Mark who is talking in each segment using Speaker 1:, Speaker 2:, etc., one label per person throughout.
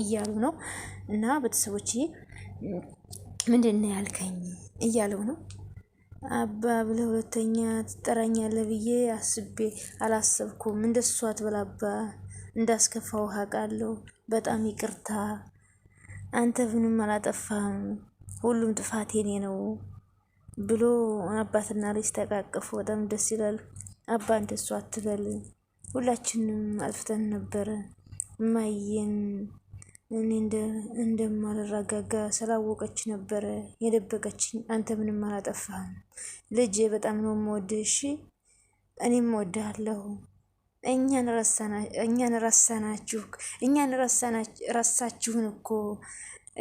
Speaker 1: እያሉ ነው። እና ቤተሰቦች ምንድን ነው ያልከኝ እያለው ነው አባ ብለ ሁለተኛ ትጠራኛለህ ብዬ አስቤ አላሰብኩም። እንደሷ አባ፣ እንዳስከፋው አውቃለሁ። በጣም ይቅርታ። አንተ ምንም አላጠፋም ሁሉም ጥፋት ኔ ነው ብሎ አባትና ልጅ ተቃቀፉ። በጣም ደስ ይላል። አባ እንደሷ አትበል፣ ሁላችንም አጥፍተን ነበረ ማየን እኔ እንደማልረጋጋ ስላወቀች ነበረ የደበቀችኝ። አንተ ምንም አላጠፋህም ልጅ በጣም ነው የምወድህ። እሺ እኔም እወድሃለሁ። እኛን ረሳናችሁ፣ እኛን ረሳችሁን እኮ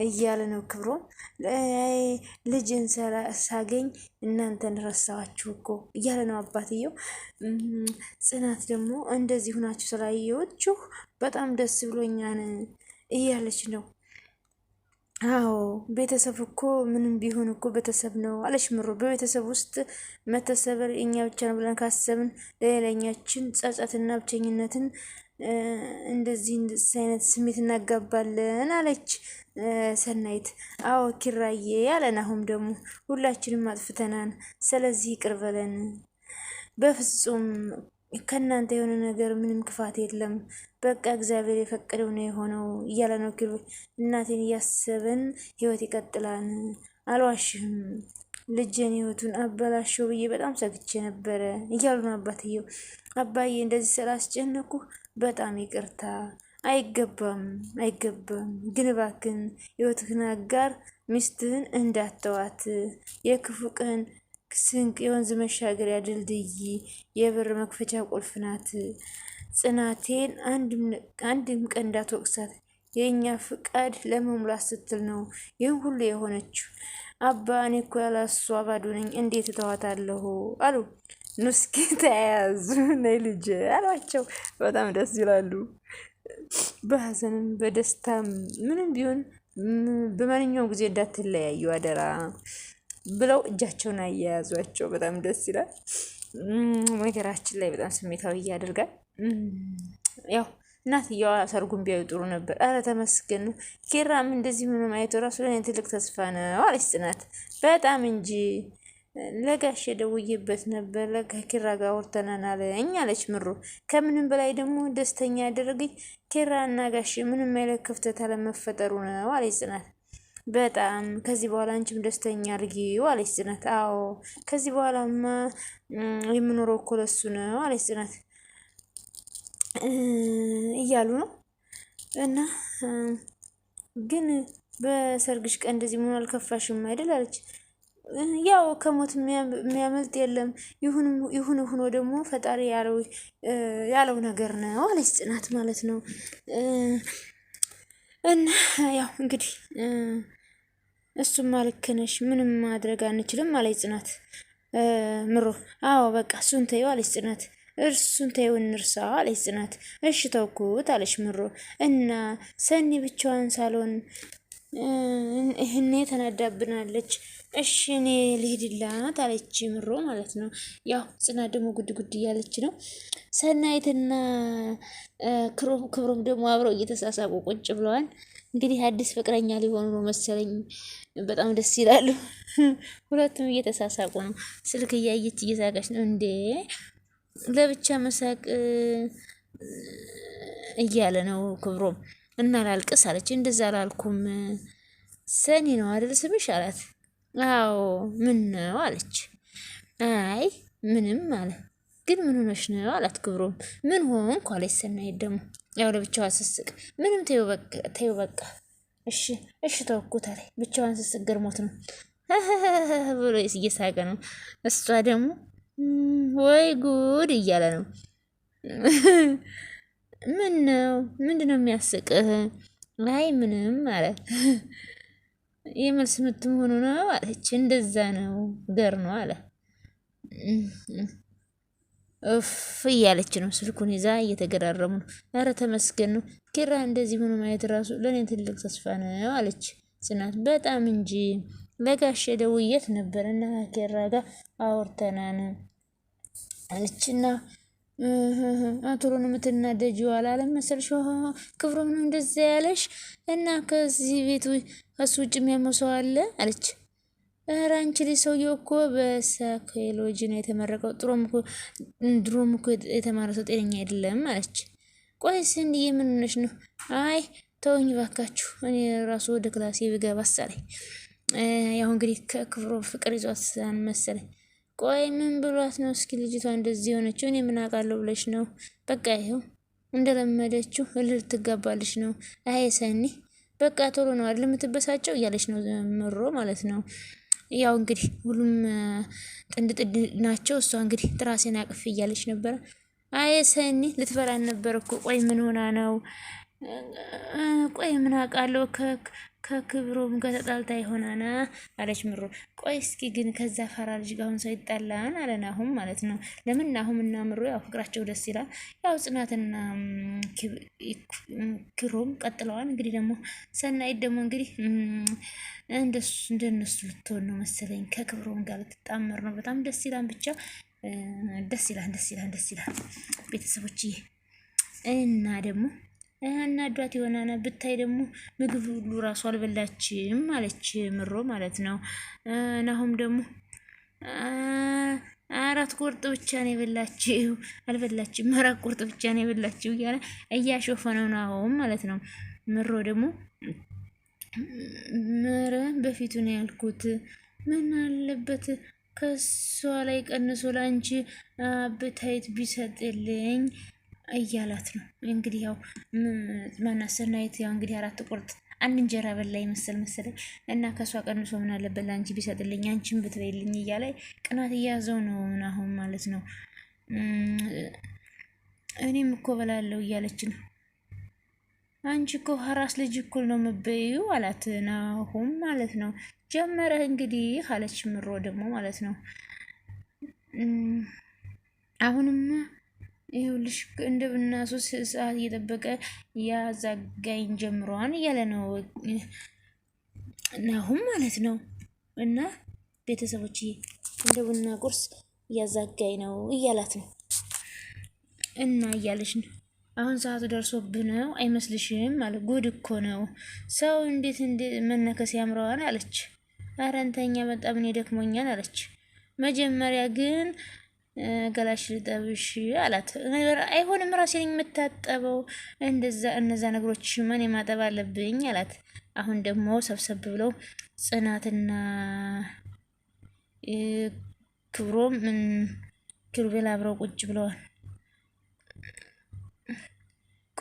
Speaker 1: እያለ ነው ክብሮ ልጅን ሳገኝ እናንተን ረሳኋችሁ እኮ እያለ ነው አባትየው። ጽናት ደግሞ እንደዚህ ሁናችሁ ስላየኋችሁ በጣም ደስ ብሎኛን እያለች ነው። አዎ ቤተሰብ እኮ ምንም ቢሆን እኮ ቤተሰብ ነው አለች ምሮ። በቤተሰብ ውስጥ መተሰበር እኛ ብቻ ነው ብለን ካሰብን ለሌላኛችን ጸጸትና ብቸኝነትን እንደዚህ እንደዚህ አይነት ስሜት እናጋባለን አለች ሰናይት። አዎ ኪራዬ ያለን አሁን ደግሞ ሁላችንም አጥፍተናል። ስለዚህ ይቅር በለን። በፍጹም ከእናንተ የሆነ ነገር ምንም ክፋት የለም። በቃ እግዚአብሔር የፈቀደው ነው የሆነው እያለ ነው ኪሩ። እናቴን እያሰበን ህይወት ይቀጥላል። አልዋሽህም ልጄን ህይወቱን አበላሸው ብዬ በጣም ሰግቼ ነበረ እያሉ ነው አባትየው። አባዬ እንደዚህ ስላስጨነኩህ በጣም ይቅርታ አይገባም አይገባም፣ ግን እባክን ጋር አጋር ሚስትህን እንዳተዋት የክፉ ቀን ስንቅ የወንዝ መሻገሪያ ድልድይ የበር መክፈቻ ቁልፍ ናት። ጽናቴን አንድም ቀን እንዳትወቅሳት የእኛ ፍቃድ ለመሙላት ስትል ነው ይህን ሁሉ የሆነችው። አባ እኔ እኮ ያላሷ ባዶ ነኝ እንዴት እተዋታለሁ አሉ ኑስኪ ተያያዙ ነይ ልጄ አሏቸው። በጣም ደስ ይላሉ። በሀዘንም በደስታም ምንም ቢሆን በማንኛውም ጊዜ እንዳትለያዩ አደራ ብለው እጃቸውን አያያዟቸው። በጣም ደስ ይላል። ነገራችን ላይ በጣም ስሜታዊ እያደርጋል። ያው እናትየዋ ሰርጉን ቢያዩ ጥሩ ነበር። አረ ተመስገን ኬራም እንደዚህ ሆኖ ማየቱ ራሱ ለእኔ ትልቅ ተስፋ ነው አለች ጽናት። በጣም እንጂ ለጋሽ ደውዬበት ነበር ከኪራ ጋር አውርተናናለኝ አለች ምሩ። ከምንም በላይ ደግሞ ደስተኛ ያደረገኝ ኪራ እና ጋሽ ምንም አይነት ክፍተት አለመፈጠሩ ነው አለች ጽናት። በጣም ከዚህ በኋላ አንቺም ደስተኛ አድርጊው አለች ጽናት። አዎ ከዚህ በኋላማ የምኖረው እኮ ለሱ ነው አለች ጽናት እያሉ ነው እና ግን በሰርግሽ ቀን እንደዚህ መሆን አልከፋሽም አይደል አለች ያው ከሞት የሚያመልጥ የለም። ይሁን ሆኖ ደግሞ ፈጣሪ ያለው ነገር ነው አለች ጽናት ማለት ነው። እና ያው እንግዲህ እሱማ ልክ ነሽ፣ ምንም ማድረግ አንችልም አለች ጽናት። ምሮ አዎ በቃ እሱን ተይው አለች ጽናት። እርሱን ተይው እንርሳ አለች ጽናት። እሺ ተውኩት አለች ምሮ እና ሰኒ ብቻዋን ሳሎን ይህኔ ተናዳብናለች እሺ እኔ ልሂድላት አለች ምሮ ማለት ነው። ያው ጽናት ደግሞ ጉድ ጉድ እያለች ነው። ሰናይትና ክብሮም ደግሞ አብረው እየተሳሳቁ ቁጭ ብለዋል። እንግዲህ አዲስ ፍቅረኛ ሊሆኑ ነው መሰለኝ። በጣም ደስ ይላሉ። ሁለቱም እየተሳሳቁ ነው። ስልክ እያየች እየሳቀች ነው። እንዴ ለብቻ መሳቅ እያለ ነው ክብሮም። እና ላልቅስ አለች። እንደዛ አላልኩም ሰኒ ነው አይደል ስምሽ አላት። አዎ ምን ነው አለች። አይ ምንም አለ። ግን ምን ሆነሽ ነው አላት ክብሮም። ምን ሆንኩ አለች ሰናይት ደግሞ ያው ለብቻዋ ስስቅ ምንም ተይው በቃ እሺ እሺ ተወኩታል። ብቻዋን ስስቅ ገርሞት ነው ብሎ እየሳቀ ነው። እሷ ደግሞ ወይ ጉድ እያለ ነው። ምን ነው ምንድነው የሚያስቅህ? አይ ምንም አለ። የመልስ ምት መሆኑ ነው አለች። እንደዛ ነው ገር ነው አለ። እፍ እያለች ነው ስልኩን ይዛ እየተገራረሙ ነው። ኧረ ተመስገን ነው ኪራ እንደዚህ ሆኖ ማየት ራሱ ለእኔ ትልቅ ተስፋ ነው አለች ጽናት። በጣም እንጂ ለጋሽ ደውዬለት ነበር እና ኪራ ጋር አውርተናን አለችና አቶሎ ነው የምትናደጂው አላለም መሰልሽ? ክብሮ ነው እንደዛ ያለሽ እና ከዚህ ቤት ከሱ ውጭ የሚያመው ሰው አለ አለች። ኧረ አንቺ ልጅ ሰውዬው እኮ በሳይኮሎጂ ነው የተመረቀው። ድሮም እኮ የተማረ ሰው ጤነኛ አይደለም አለች። ቆይ ስንድዬ ምን ሆነሽ ነው? አይ ተውኝ ባካችሁ፣ እኔ ራሱ ወደ ክላሴ ብገባ አሳለኝ። ያው እንግዲህ ከክብሮ ፍቅር ይዟት መሰለኝ ቆይ ምን ብሏት ነው እስኪ ልጅቷ እንደዚህ የሆነችው? እኔ ምን አውቃለሁ ብለሽ ነው? በቃ ይኸው እንደለመደችው እልል ትጋባለች ነው። አይ ሰኒ በቃ ቶሎ ነው አይደል የምትበሳጨው እያለች ነው ምሮ ማለት ነው። ያው እንግዲህ ሁሉም ጥንድ ጥንድ ናቸው። እሷ እንግዲህ ትራሴን አቅፍ እያለች ነበረ። አይ ሰኒ ልትበላን ነበር እኮ ቆይ ምን ሆና ነው? ቆይ ምን አውቃለሁ ከክብሮም ጋር ተጣልታ ይሆናና አለች ምሩ። ቆይ እስኪ ግን ከዛ ፈራ ልጅ ጋር አሁን ሰው ይጣላን አለ ናሁም ማለት ነው። ለምን ናሁም እና ምሩ ያው ፍቅራቸው ደስ ይላል። ያው ጽናትና ክሮም ቀጥለዋል። እንግዲህ ደግሞ ሰናይት ደግሞ እንግዲህ እንደሱ እንደነሱ ልትሆን ነው መሰለኝ። ከክብሩም ጋር ልትጣመር ነው። በጣም ደስ ይላል። ብቻ ደስ ይላል፣ ደስ ይላል፣ ደስ ይላል ቤተሰቦች እና ደግሞ እናዷት የሆነ ብታይ ደግሞ ምግብ ሁሉ ራሱ አልበላችም አለች ምሮ ማለት ነው። ናሁም ደግሞ አራት ቁርጥ ብቻ ነው የበላችው አልበላችም፣ አራት ቁርጥ ብቻ ነው የበላችው እያለ እያሾፈ ነው ናሁም ማለት ነው። ምሮ ደግሞ ምረ በፊቱ ነው ያልኩት ምን አለበት ከሷ ላይ ቀንሶ ላንቺ ብታይት ቢሰጥልኝ እያላት ነው እንግዲህ ያው ማናት ሰናይት ያው እንግዲህ አራት ቁርጥ አንድ እንጀራ በላይ መሰል መሰለኝ እና ከእሷ ቀንሶ ምን አለበት ለአንቺ ቢሰጥልኝ አንቺን ብትበይልኝ እያለ ቅናት እያያዘው ነው ምን አሁን ማለት ነው። እኔም እኮ በላለው እያለች ነው። አንቺ እኮ ሀራስ ልጅ እኩል ነው ምበዩ አላት ናሁም ማለት ነው። ጀመረ እንግዲህ አለች ምሮ ደግሞ ማለት ነው አሁንም ይኸውልሽ ቅንድብና ሶስት ሰዓት እየጠበቀ ያዛጋኝ ጀምሯን እያለ ነው ናሁም ማለት ነው። እና ቤተሰቦች ቅንድብና ቁርስ እያዛጋኝ ነው እያላት ነው እና እያለች ነው አሁን ሰዓቱ ደርሶብህ ነው አይመስልሽም? አለ ጉድ እኮ ነው ሰው እንዴት መነከስ ያምረዋን አለች። አረንተኛ በጣም እኔ ደክሞኛል አለች። መጀመሪያ ግን ገላሽ ልጠብሽ አላት። አይሆንም ራሴ ነኝ የምታጠበው፣ እንደዛ እነዛ ነገሮች ማን የማጠብ አለብኝ አላት። አሁን ደግሞ ሰብሰብ ብለው ጽናትና ክብሮም ምን ኪሩቤል አብረው ቁጭ ብለዋል።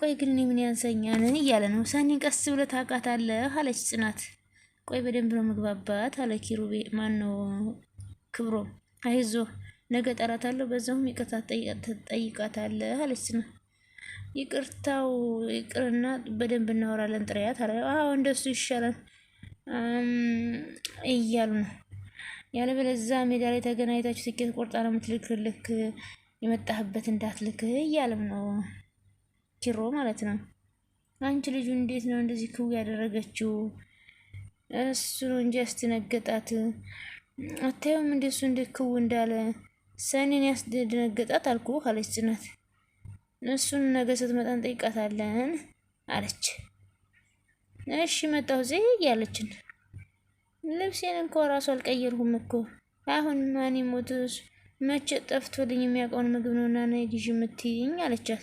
Speaker 1: ቆይ ግን እኔ ምን ያንሰኛል እያለ ነው። ሳኒን ቀስ ታቃት ታውቃታለህ አለች ጽናት። ቆይ በደንብ ነው መግባባት አለ ኪሩቤ ማን ነው ክብሮም። አይዞህ ነገ ጠራታለሁ፣ በዛውም ይቅርታ ትጠይቃታለህ አለች። ነው ይቅርታው ይቅርና በደንብ እናወራለን ጥሪያት አለ። አዎ እንደሱ ይሻላል እያሉ ነው ያለ በለዛ ሜዳ ላይ ተገናኝታችሁ ትኬት ቆርጣ ነው የምትልክልክ የመጣህበት እንዳትልክ እያለም ነው ኪሮ ማለት ነው። አንቺ ልጁ እንዴት ነው እንደዚህ ክው ያደረገችው? እሱ ነው እንጂ ያስደነገጣት አታየውም? እንደሱ እንደ ክው እንዳለ ሰኒን ያስደነገጣት አልኩ አለች ጽናት። እሱን ነገ ስትመጣ እንጠይቃታለን አለች። እሺ መጣሁ ዜ ያለችን ልብሴን እንኳ ራሱ አልቀየርሁም እኮ አሁን ማን ሞት መቼ ጠፍቶልኝ የሚያውቀውን ምግብ ነውና ና ግዢ የምትይኝ አለቻት።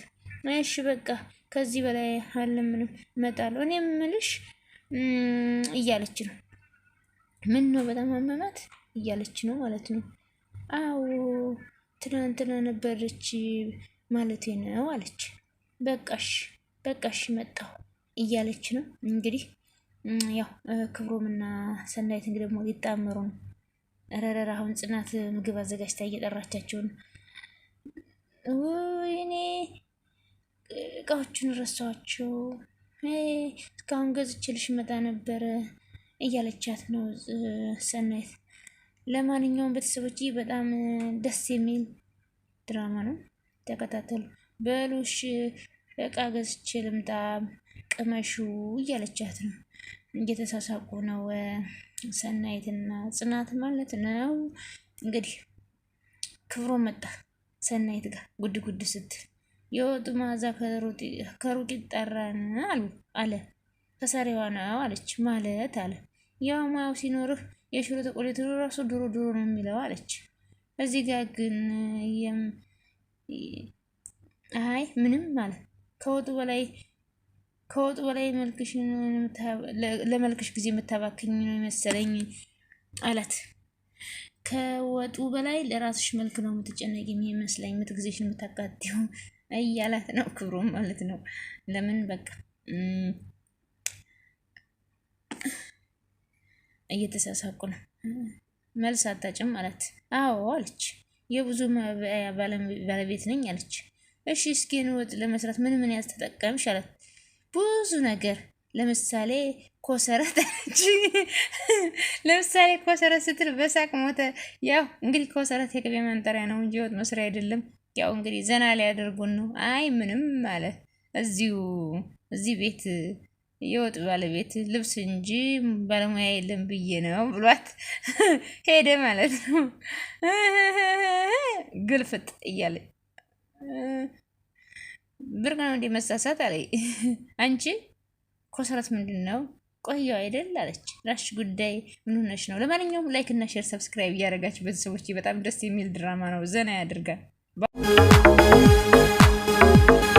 Speaker 1: እሺ በቃ ከዚህ በላይ አለምንም እመጣለሁ። እኔ የምልሽ እያለች ነው። ምን ነው በጣም አመማት እያለች ነው ማለት ነው። አዎ ትናንትና ነበረች ማለቴ ነው አለች። በቃሽ በቃሽ መጣሁ እያለች ነው እንግዲህ ያው ክብሮምና ሰናይት እንግዲህ ደግሞ ሊጣመሩ ነው። ረረር አሁን ጽናት ምግብ አዘጋጅታ እየጠራቻቸው ነው። ወይኔ እቃዎቹን ረሳኋቸው፣ እስካሁን ገዝቼልሽ መጣ ነበረ እያለቻት ነው ሰናይት ለማንኛውም ቤተሰቦች በጣም ደስ የሚል ድራማ ነው፣ ተከታተሉ። በሉሽ እቃ ገዝቼ ልምጣ ቅመሹ እያለቻት ነው። እየተሳሳቁ ነው ሰናይትና ጽናት ማለት ነው። እንግዲህ ክብሮ መጣ ሰናይት ጋር ጉድ ጉድ ስትል የወጡ መዓዛ ከሩቅ ይጠራን አሉ አለ። ከሰሪዋ ነው አለች ማለት አለ ያው ማያው ሲኖርህ የሽሮ ተቆሌትሮ ራሱ ድሮ ድሮ ነው የሚለው አለች። እዚህ ጋር ግን የም አይ ምንም ማለት ከወጡ በላይ ከወጡ በላይ መልክሽን ለመልክሽ ጊዜ የምታባክኝ ነው የመሰለኝ አላት። ከወጡ በላይ ለራስሽ መልክ ነው የምትጨነቂ የሚመስለኝ ምትጊዜሽን የምታቃጥው እያላት ነው ክብሮም ማለት ነው። ለምን በቃ እየተሳሳቁ ነው። መልስ አታጭም ማለት አዎ አለች። የብዙ ባለቤት ነኝ አለች። እሺ እስኪን ወጥ ለመስራት ምን ምን ያስተጠቀምሽ አላት። ብዙ ነገር ለምሳሌ ኮሰረት አለች። ለምሳሌ ኮሰረት ስትል በሳቅ ሞተ። ያው እንግዲህ ኮሰረት የቅቤ ማንጠሪያ ነው እንጂ ወጥ መስሪያ አይደለም። ያው እንግዲህ ዘና ሊያደርጉን ነው። አይ ምንም አለ እዚሁ እዚህ ቤት የወጥ ባለቤት ልብስ እንጂ ባለሙያ የለም ብዬ ነው ብሏት ሄደ ማለት ነው። ግልፍጥ እያለ ብርቅ ነው እንዲህ መሳሳት አለ። አንቺ ኮሰረት ምንድን ነው ቆየው አይደል አለች። ራሽ ጉዳይ ምን ሆነሽ ነው? ለማንኛውም ላይክ እና ሼር ሰብስክራይብ እያደረጋችሁ ቤተሰቦች፣ በጣም ደስ የሚል ድራማ ነው። ዘና ያድርጋል።